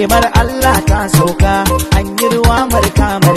nemar Allah ta sauka an yi ruwa marka